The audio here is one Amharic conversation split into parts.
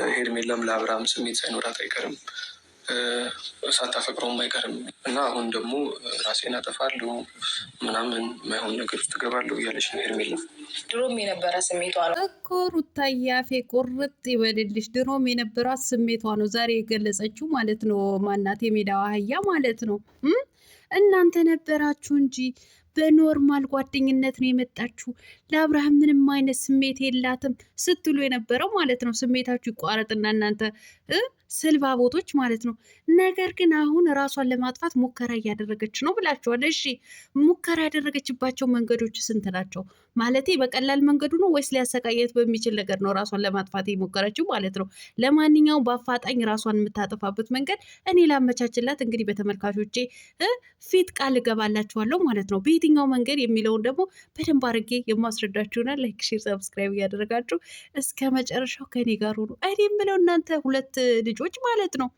ሄርሜላም ለአብርሃም ስሜት ሳይኖራት አይቀርም፣ ሳታፈቅረውም አይቀርም እና አሁን ደግሞ ራሴን አጠፋለሁ ምናምን ማይሆን ነገር ውስጥ እገባለሁ እያለች ነው ሄርሜላ። ድሮም የነበረ ስሜቷ ነው እኮ ሩታዬ፣ አፌ ቁርጥ ይበልልሽ። ድሮም የነበራት ስሜቷ ነው ዛሬ የገለጸችው ማለት ነው። ማናት የሜዳዋ አህያ ማለት ነው። እናንተ ነበራችሁ እንጂ በኖርማል ጓደኝነት ነው የመጣችሁ፣ ለአብርሃም ምንም አይነት ስሜት የላትም ስትሉ የነበረው ማለት ነው። ስሜታችሁ ይቋረጥና እናንተ ቦቶች ማለት ነው። ነገር ግን አሁን ራሷን ለማጥፋት ሙከራ እያደረገች ነው ብላችኋል። እሺ ሙከራ ያደረገችባቸው መንገዶች ስንት ናቸው? ማለቴ በቀላል መንገዱ ነው ወይስ ሊያሰቃየት በሚችል ነገር ነው ራሷን ለማጥፋት የሞከረችው ማለት ነው? ለማንኛውም በአፋጣኝ ራሷን የምታጠፋበት መንገድ እኔ ላመቻችላት እንግዲህ በተመልካቾቼ ፊት ቃል እገባላችኋለሁ ማለት ነው። በየትኛው መንገድ የሚለውን ደግሞ በደንብ አድርጌ የማስረዳችሁና ላይክ፣ ሼር፣ ሰብስክራይብ እያደረጋችሁ እስከ መጨረሻው ከኔ ጋር ሆኑ። እኔ የምለው እናንተ ሁለት ልጆች ማለት ነው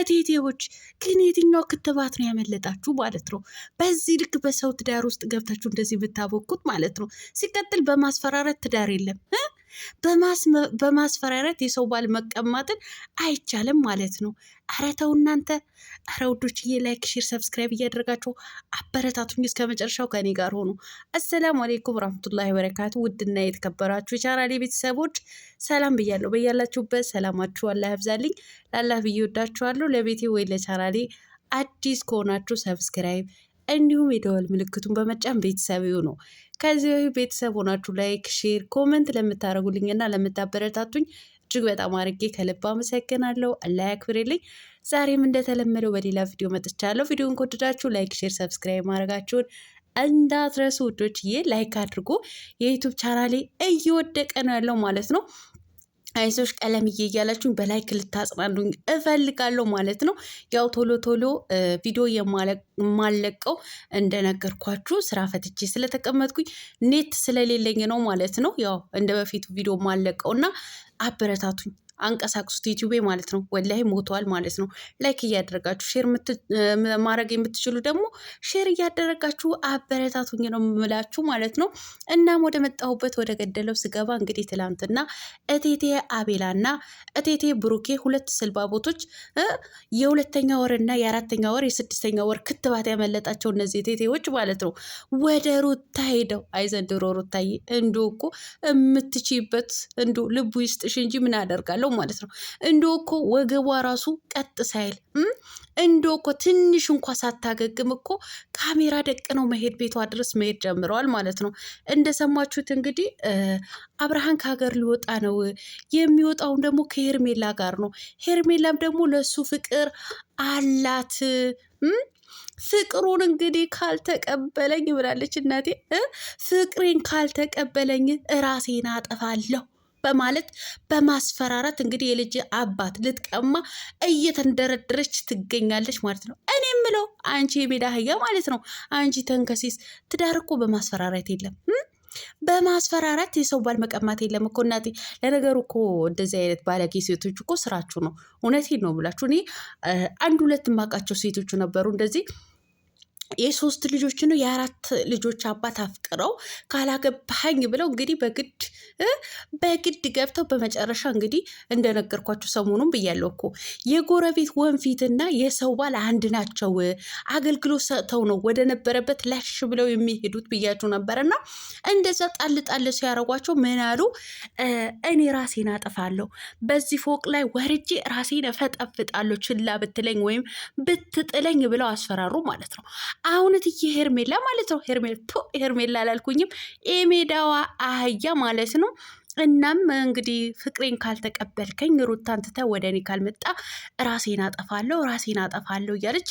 እቴቴዎች ግን የትኛው ክትባት ነው ያመለጣችሁ ማለት ነው? በዚህ ልክ በሰው ትዳር ውስጥ ገብታችሁ እንደዚህ ብታበኩት ማለት ነው። ሲቀጥል በማስፈራረት ትዳር የለም። በማስፈራረት የሰው ባል መቀማትን አይቻልም ማለት ነው። ኧረ ተው እናንተ። ረውዶች ውዶችዬ፣ ላይክ፣ ሼር፣ ሰብስክራይብ እያደረጋችሁ አበረታቱኝ። እስከ መጨረሻው ከኔ ጋር ሆኑ። አሰላሙ አሌይኩም ረህመቱላሂ በረካቱ። ውድና የተከበራችሁ የቻናሌ ቤተሰቦች ሰላም ብያለሁ። በያላችሁበት ሰላማችሁ አላህ ያብዛልኝ። ላላህ ብዬ ወዳችኋለሁ። ለቤቴ ወይ ለቻናሌ አዲስ ከሆናችሁ ሰብስክራይብ እንዲሁም የደወል ምልክቱን በመጫን ቤተሰብ ይሁኑ። ከዚህ ቤተሰብ ሆናችሁ ላይክ፣ ሼር፣ ኮመንት ለምታደርጉልኝና ለምታበረታቱኝ እጅግ በጣም አርጌ ከልብ አመሰግናለሁ። አላህ ያክብርልኝ። ዛሬም እንደተለመደው በሌላ ቪዲዮ መጥቻለሁ። ቪዲዮን ከወደዳችሁ ላይክ፣ ሼር፣ ሰብስክራይብ ማድረጋችሁን እንዳትረሱ ውዶችዬ። ላይክ አድርጎ የዩቱብ ቻናሌ እየወደቀ ነው ያለው ማለት ነው። አይዞሽ ቀለምዬ እያላችሁኝ በላይክ ልታጽናኑኝ እፈልጋለሁ ማለት ነው። ያው ቶሎ ቶሎ ቪዲዮ የማለቀው እንደነገርኳችሁ ስራ ፈትቼ ስለተቀመጥኩኝ ኔት ስለሌለኝ ነው ማለት ነው። ያው እንደ በፊቱ ቪዲዮ ማለቀው እና አበረታቱኝ። አንቀሳቅሱት ዩቲዩቤ ማለት ነው። ወላሂ ሞተዋል ማለት ነው። ላይክ እያደረጋችሁ ሼር ማድረግ የምትችሉ ደግሞ ሼር እያደረጋችሁ አበረታቱኝ ነው ምላችሁ ማለት ነው። እናም ወደ መጣሁበት ወደ ገደለው ስገባ እንግዲህ ትላንትና እቴቴ አቤላና እቴቴ ብሩኬ ሁለት ስልባ ቦቶች የሁለተኛ ወር እና የአራተኛ ወር የስድስተኛ ወር ክትባት ያመለጣቸው እነዚህ እቴቴዎች ማለት ነው ወደ ሩታ ሄደው አይዘንድሮ ሩታዬ እንዲሁ እኮ የምትችይበት እንዲሁ ልቡ ይስጥሽ እንጂ ምን አደርጋለሁ ማለት ነው። እንዶ እኮ ወገቧ ራሱ ቀጥ ሳይል እንዶ እኮ ትንሽ እንኳ ሳታገግም እኮ ካሜራ ደቅ ነው መሄድ ቤቷ ድረስ መሄድ ጀምረዋል ማለት ነው። እንደሰማችሁት እንግዲህ አብርሃን ከሀገር ሊወጣ ነው። የሚወጣውን ደግሞ ከሄርሜላ ጋር ነው። ሄርሜላም ደግሞ ለእሱ ፍቅር አላት። ፍቅሩን እንግዲህ ካልተቀበለኝ ብላለች እናቴ፣ ፍቅሬን ካልተቀበለኝ እራሴን አጠፋለሁ በማለት በማስፈራራት እንግዲህ የልጅ አባት ልትቀማ እየተንደረደረች ትገኛለች ማለት ነው። እኔ ምለው አንቺ የሜዳ አህያ ማለት ነው። አንቺ ተንከሲስ ትዳር እኮ በማስፈራራት የለም በማስፈራራት የሰው ባል መቀማት የለም እኮ እናቴ። ለነገሩ እኮ እንደዚህ አይነት ባለጌ ሴቶች እኮ ስራችሁ ነው። እውነቴን ነው ብላችሁ እኔ አንድ ሁለት የማውቃቸው ሴቶቹ ነበሩ እንደዚህ የሶስት ልጆች ነው የአራት ልጆች አባት አፍቅረው ካላገባኝ ብለው እንግዲህ በግድ በግድ ገብተው በመጨረሻ እንግዲህ እንደነገርኳቸው ሰሞኑን ብያለሁ እኮ የጎረቤት ወንፊትና የሰው ባል አንድ ናቸው። አገልግሎት ሰጥተው ነው ወደ ነበረበት ላሽ ብለው የሚሄዱት ብያችሁ ነበረና እንደዛ ጣል ጣል ሲያደርጓቸው ምን አሉ? እኔ ራሴን አጠፋለሁ፣ በዚህ ፎቅ ላይ ወርጄ ራሴን እፈጠፍጣለሁ፣ ችላ ብትለኝ ወይም ብትጥለኝ ብለው አስፈራሩ ማለት ነው። አሁን እትዬ ሄርሜላ ማለት ነው። ሄርሜላ ቶ ሄርሜላ አላልኩኝም፣ የሜዳዋ አህያ ማለት ነው። እናም እንግዲህ ፍቅሬን ካልተቀበልከኝ ሩታን ትተህ ወደ እኔ ካልመጣ ራሴን አጠፋለሁ፣ ራሴን አጠፋለሁ እያለች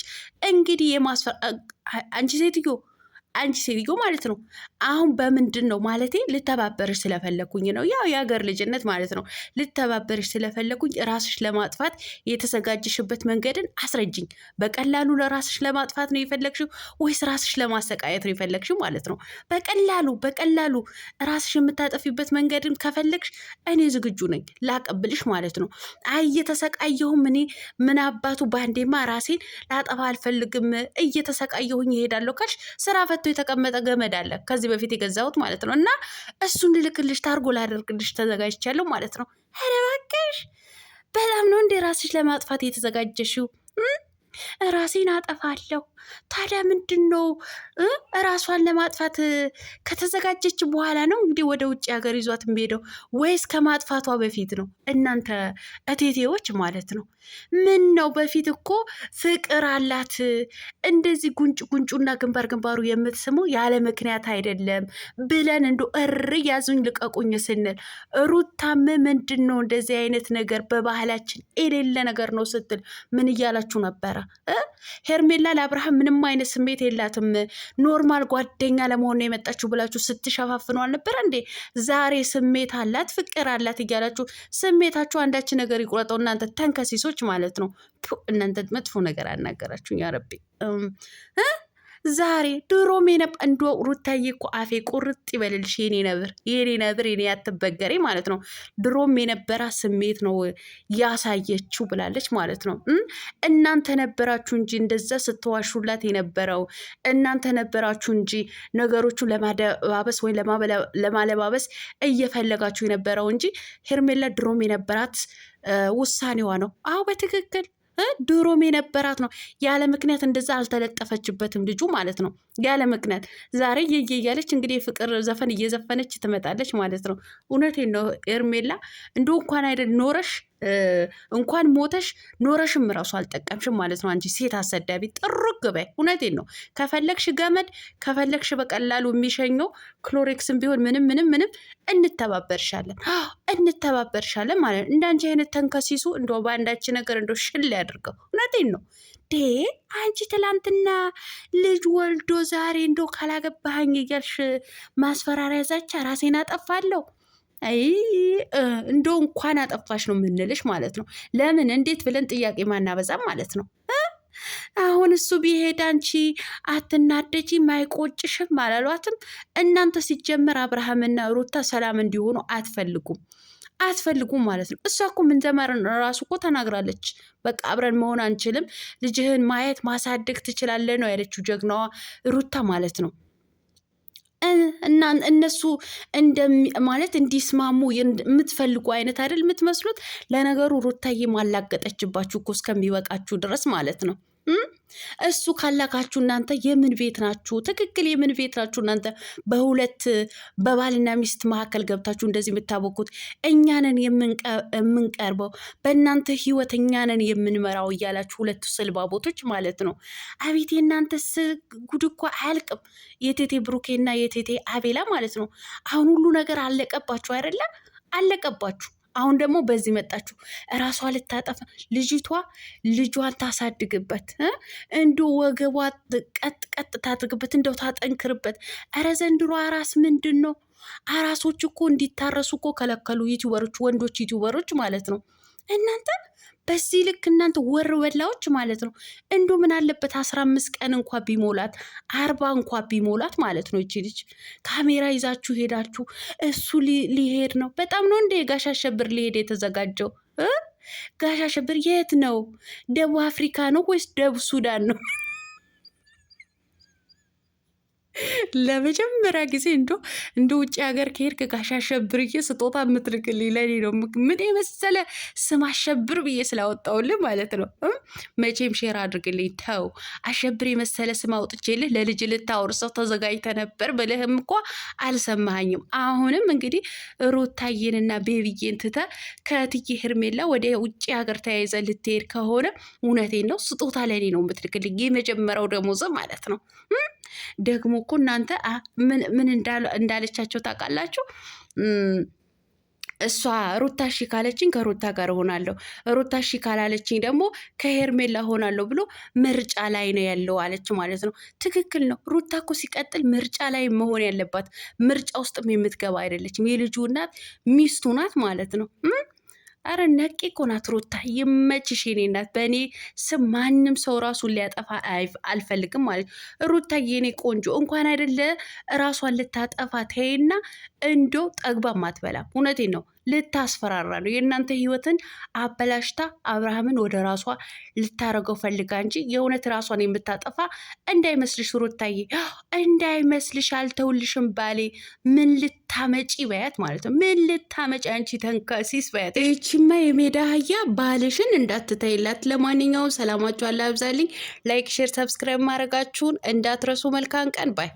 እንግዲህ የማስፈራ አንቺ ሴትዮ አንቺ ሴትዮ ማለት ነው። አሁን በምንድን ነው ማለቴ ልተባበርሽ ስለፈለግኩኝ ነው። ያው የሀገር ልጅነት ማለት ነው። ልተባበርሽ ስለፈለግኩኝ ራስሽ ለማጥፋት የተዘጋጀሽበት መንገድን አስረጅኝ። በቀላሉ ለራስሽ ለማጥፋት ነው የፈለግሽው ወይስ ራስሽ ለማሰቃየት ነው የፈለግሽው ማለት ነው? በቀላሉ በቀላሉ ራስሽ የምታጠፊበት መንገድን ከፈለግሽ እኔ ዝግጁ ነኝ ላቀብልሽ ማለት ነው። አይ እየተሰቃየሁም እኔ ምን አባቱ ባንዴማ ራሴን ላጠፋ አልፈልግም እየተሰቃየሁኝ ይሄዳለሁ ካልሽ ስራ ታቶ የተቀመጠ ገመድ አለ ከዚህ በፊት የገዛሁት ማለት ነው። እና እሱን ልልክልሽ ታርጎ ላደርግልሽ ተዘጋጅቻለሁ ማለት ነው። ኧረ እባክሽ በጣም ነው እንደ ራስሽ ለማጥፋት የተዘጋጀሽው። ራሴን አጠፋለሁ ታዲያ ምንድን ነው ራሷን ለማጥፋት ከተዘጋጀች በኋላ ነው እንግዲህ ወደ ውጭ ሀገር ይዟት የሚሄደው ወይስ ከማጥፋቷ በፊት ነው? እናንተ እቴቴዎች ማለት ነው። ምን ነው በፊት እኮ ፍቅር አላት እንደዚህ ጉንጭ ጉንጩና ግንባር ግንባሩ የምትስሙ ያለ ምክንያት አይደለም ብለን እንዶ እር ያዙኝ ልቀቁኝ ስንል ሩታም ምንድን ነው እንደዚህ አይነት ነገር በባህላችን የሌለ ነገር ነው ስትል ምን እያላችሁ ነበረ? ሄርሜላ ለአብርሃም ምንም አይነት ስሜት የላትም ኖርማል ጓደኛ ለመሆን ነው የመጣችሁ ብላችሁ ስትሸፋፍኑ አልነበረ እንዴ? ዛሬ ስሜት አላት ፍቅር አላት እያላችሁ ስሜታችሁ አንዳች ነገር ይቁረጠው እናንተ ተንከሲሶች ማለት ነው። እናንተ መጥፎ ነገር አናገራችሁኝ። ያረቤ ዛሬ ድሮ ሜነብ እንዶ ሩታዬ እኮ አፌ ቁርጥ ይበልልሽ የኔ ነብር የኔ ነብር የኔ ያትበገሬ ማለት ነው። ድሮም የነበራ ስሜት ነው ያሳየችው ብላለች ማለት ነው። እናንተ ነበራችሁ እንጂ እንደዛ ስትዋሹላት የነበረው እናንተ ነበራችሁ እንጂ ነገሮቹ ለማደባበስ ወይ ለማለባበስ እየፈለጋችሁ የነበረው እንጂ ሄርሜላ ድሮም የነበራት ውሳኔዋ ነው። አዎ በትክክል ድሮም የነበራት ነው። ያለ ምክንያት እንደዛ አልተለጠፈችበትም ልጁ ማለት ነው። ያለ ምክንያት ዛሬ የየ እያለች እንግዲህ የፍቅር ዘፈን እየዘፈነች ትመጣለች ማለት ነው። እውነቴን ነው ኤርሜላ እንደው እንኳን አይደል ኖረሽ እንኳን ሞተሽ ኖረሽም ራሱ አልጠቀምሽም ማለት ነው። አንቺ ሴት አሰዳቢ ጥሩግ በይ። እውነቴን ነው። ከፈለግሽ ገመድ ከፈለግሽ በቀላሉ የሚሸኘው ክሎሬክስም ቢሆን ምንም ምንም ምንም እንተባበርሻለን እንተባበርሻለን ማለት ነው። እንዳንቺ አይነት ተንከሲሱ እንደ በአንዳች ነገር እንደ ሽል ያድርገው። እውነቴን ነው። ዴ አንቺ ትላንትና ልጅ ወልዶ ዛሬ እንደ ካላገባሃኝ እያልሽ ማስፈራሪያ ዛቻ ራሴን አጠፋለሁ እንደው እንኳን አጠፋሽ ነው የምንልሽ ማለት ነው። ለምን እንዴት ብለን ጥያቄ ማናበዛም ማለት ነው። አሁን እሱ ቢሄድ አንቺ አትናደጂ አይቆጭሽም አላሏትም? እናንተ ሲጀመር አብርሃምና ሩታ ሰላም እንዲሆኑ አትፈልጉም አትፈልጉም ማለት ነው። እሷ እኮ ምንዘመርን ራሱ እኮ ተናግራለች። በቃ አብረን መሆን አንችልም፣ ልጅህን ማየት ማሳደግ ትችላለህ ነው ያለችው ጀግናዋ ሩታ ማለት ነው። እና እነሱ ማለት እንዲስማሙ የምትፈልጉ አይነት አይደል የምትመስሉት? ለነገሩ ሩታዬ ማላገጠችባችሁ እኮ እስከሚበቃችሁ ድረስ ማለት ነው። እሱ ካላካችሁ እናንተ የምን ቤት ናችሁ? ትክክል የምን ቤት ናችሁ እናንተ? በሁለት በባልና ሚስት መካከል ገብታችሁ እንደዚህ የምታቦኩት እኛንን የምንቀርበው በእናንተ ህይወት እኛንን የምንመራው እያላችሁ ሁለቱ ስልባቦቶች ማለት ነው። አቤቴ የእናንተ ጉድ እኮ አያልቅም። የቴቴ ብሩኬና የቴቴ አቤላ ማለት ነው። አሁን ሁሉ ነገር አለቀባችሁ አይደለም? አለቀባችሁ አሁን ደግሞ በዚህ መጣችሁ። እራሷ ልታጠፋ ልጅቷ ልጇን ታሳድግበት፣ እንዶ ወገቧ ቀጥ ቀጥ ታድርግበት፣ እንደው ታጠንክርበት። እረ ዘንድሮ አራስ ምንድን ነው? አራሶች እኮ እንዲታረሱ እኮ ከለከሉ ዩቲዩበሮች፣ ወንዶች ዩቲዩበሮች ማለት ነው። እናንተ በዚህ ልክ እናንተ ወር በላዎች ማለት ነው። እንዱ ምን አለበት አስራ አምስት ቀን እንኳ ቢሞላት አርባ እንኳ ቢሞላት ማለት ነው። እቺ ልጅ ካሜራ ይዛችሁ ሄዳችሁ እሱ ሊሄድ ነው። በጣም ነው እንደ ጋሽ ሸብር ሊሄድ የተዘጋጀው። ጋሻ ሸብር የት ነው? ደቡብ አፍሪካ ነው ወይስ ደቡብ ሱዳን ነው? ለመጀመሪያ ጊዜ እንዶ እንደ ውጭ ሀገር ከሄድክ ጋሽ አሸብርዬ ስጦታ የምትልክልኝ ለኔ ነው። ምን የመሰለ ስም አሸብር ብዬ ስላወጣውልህ ማለት ነው። መቼም ሼር አድርግልኝ ተው። አሸብር የመሰለ ስም አውጥቼልህ ለልጅ ልታወርሰው ተዘጋጅተ ነበር ብልህም እኳ አልሰማኸኝም። አሁንም እንግዲህ ሩታዬንና ቤቢዬን ትተ ከትዬ ሄርሜላ ወደ ውጭ ሀገር ተያይዘ ልትሄድ ከሆነ እውነቴን ነው ስጦታ ለኔ ነው የምትልክልኝ የመጀመሪያው ደሞዝ ማለት ነው። ደግሞ እኮ እናንተ ምን እንዳለቻቸው ታውቃላችሁ? እሷ ሩታ እሺ ካለችኝ ከሩታ ጋር እሆናለሁ፣ ሩታ እሺ ካላለችኝ ደግሞ ከሄርሜላ እሆናለሁ ብሎ ምርጫ ላይ ነው ያለው አለች ማለት ነው። ትክክል ነው። ሩታ እኮ ሲቀጥል ምርጫ ላይ መሆን ያለባት ምርጫ ውስጥም የምትገባ አይደለችም። የልጁ እናት ሚስቱ ናት ማለት ነው። አረ ነቂ እኮ ናት ሩታ፣ ይመችሽ የኔ በእኔ ስም ማንም ሰው ራሱን ሊያጠፋ አልፈልግም ማለት ሩታ የኔ ቆንጆ፣ እንኳን አይደለ ራሷን ልታጠፋ ተይና እንዶ ጠግባ ማትበላም። እውነቴን ነው። ልታስፈራራ ነው። የእናንተ ህይወትን አበላሽታ አብርሃምን ወደ ራሷ ልታረገው ፈልጋ እንጂ የእውነት ራሷን የምታጠፋ እንዳይመስልሽ፣ ሩታዬ እንዳይመስልሽ፣ አልተውልሽም ባሌ። ምን ልታመጪ በያት ማለት ነው። ምን ልታመጪ አንቺ ተንከሲስ በያት። ይቺማ የሜዳ አህያ ባልሽን እንዳትተይላት። ለማንኛውም ሰላማችሁ አለ ላይክ፣ ሼር፣ ሰብስክራይብ ማድረጋችሁን እንዳትረሱ። መልካም ቀን ባይ